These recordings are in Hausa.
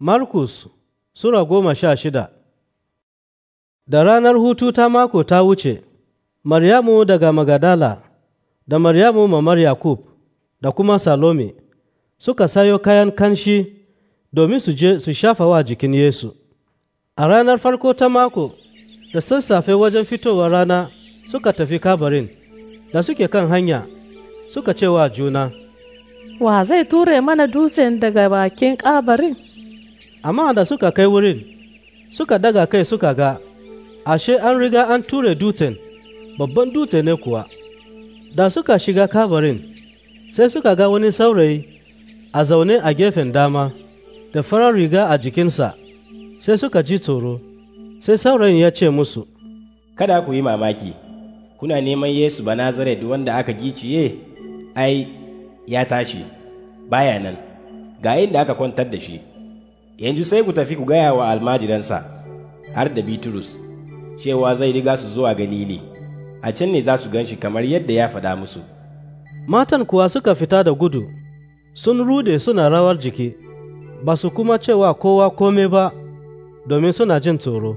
Markus Sura goma sha shida Da ranar hutu ta mako ta wuce, Maryamu daga Magadala da Maryamu mamar Yakub da kuma Salome suka sayo kayan kanshi domin su je su shafa wa jikin Yesu. A ranar farko ta mako da sassafe wajen fitowar rana suka tafi kabarin da suke kan hanya suka ce wa juna. Wa zai ture mana dutsen daga bakin kabarin? amma da suka kai wurin suka daga kai suka ga ashe an riga an ture dutsen babban dutse ne kuwa da suka shiga kabarin sai suka ga wani saurayi a zaune a gefen dama da farar riga a jikinsa sai suka ji tsoro sai saurayin ya ce musu kada ku yi mamaki kuna neman yesu ba nazaret wanda aka giciye ai ya tashi baya nan ga inda aka kwantar da shi yanzu sai ku tafi ku gaya wa almajiransa har da Bitrus cewa zai riga su zuwa gani ne, a can ne za su gan shi kamar yadda ya faɗa musu matan kuwa suka fita da gudu sun rude suna rawar jiki ba su kuma cewa kowa kome ba domin suna jin tsoro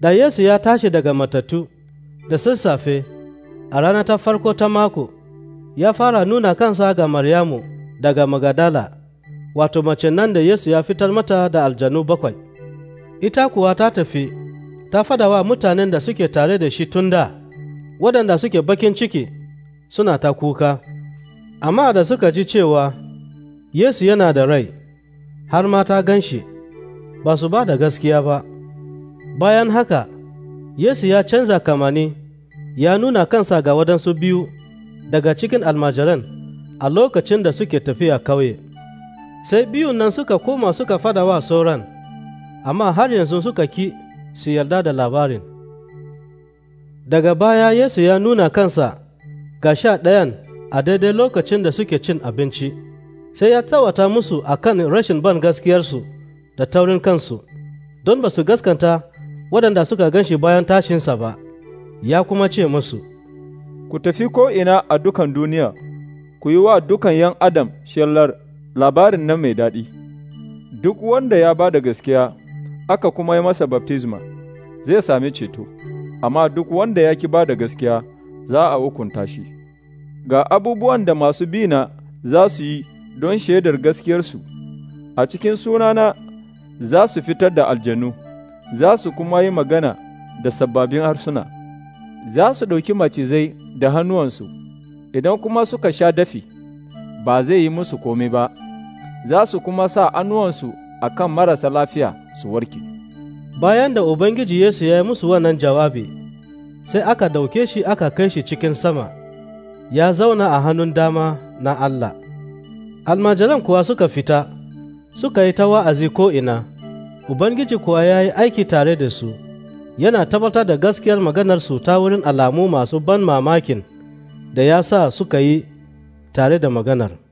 da Yesu ya tashi daga matattu da sassafe a rana ta farko ta mako ya fara nuna kansa ga Maryamu daga Magadala wato mace nan da Yesu ya fitar mata da aljanu bakwai. Ita kuwa ta tafi, ta fada wa mutanen da suke tare da shi tun da, waɗanda suke bakin ciki suna ta kuka. Amma da suka ji cewa Yesu yana da rai, har ma ta gan shi, ba su ba da gaskiya ba. Bayan haka, Yesu ya canza kamani, ya nuna kansa ga waɗansu biyu daga cikin almajiran a lokacin da suke tafiya kauye. sai biyun nan suka koma suka fada wa sauran amma har yanzu suka ki su yarda da labarin daga baya yesu ya nuna kansa ga sha ɗayan a daidai lokacin da suke cin abinci sai ya tawata musu a kan rashin ban gaskiyarsu da taurin kansu don ba su gaskanta waɗanda suka gan shi bayan tashinsa ba ya kuma ce musu ku tafi ko'ina a dukan duniya ku yi wa dukan yan adam shellar labarin nan mai daɗi, duk wanda ya ba da gaskiya aka kuma yi masa baptisma zai sami ceto, amma duk wanda ya ki ba da gaskiya za a hukunta shi. Ga abubuwan da masu bina za su yi don shaidar gaskiyarsu, a cikin sunana za su fitar da aljanu, za su kuma yi magana da sababbin harsuna, za su ɗauki macizai da hannuwansu, idan kuma suka sha dafi, ba zai yi musu komai ba. za su kuma sa annuwansu a kan marasa lafiya su warke. Bayan da Ubangiji Yesu ya yi musu wannan jawabi, sai aka ɗauke shi aka kai shi cikin sama, ya zauna a hannun dama na Allah. Almajiran kuwa suka fita, suka yi ta wa'azi ko'ina, Ubangiji kuwa ya yi aiki tare da su, yana tabbatar da gaskiyar maganarsu ta wurin alamu masu ban mamakin da ya sa suka yi tare da maganar.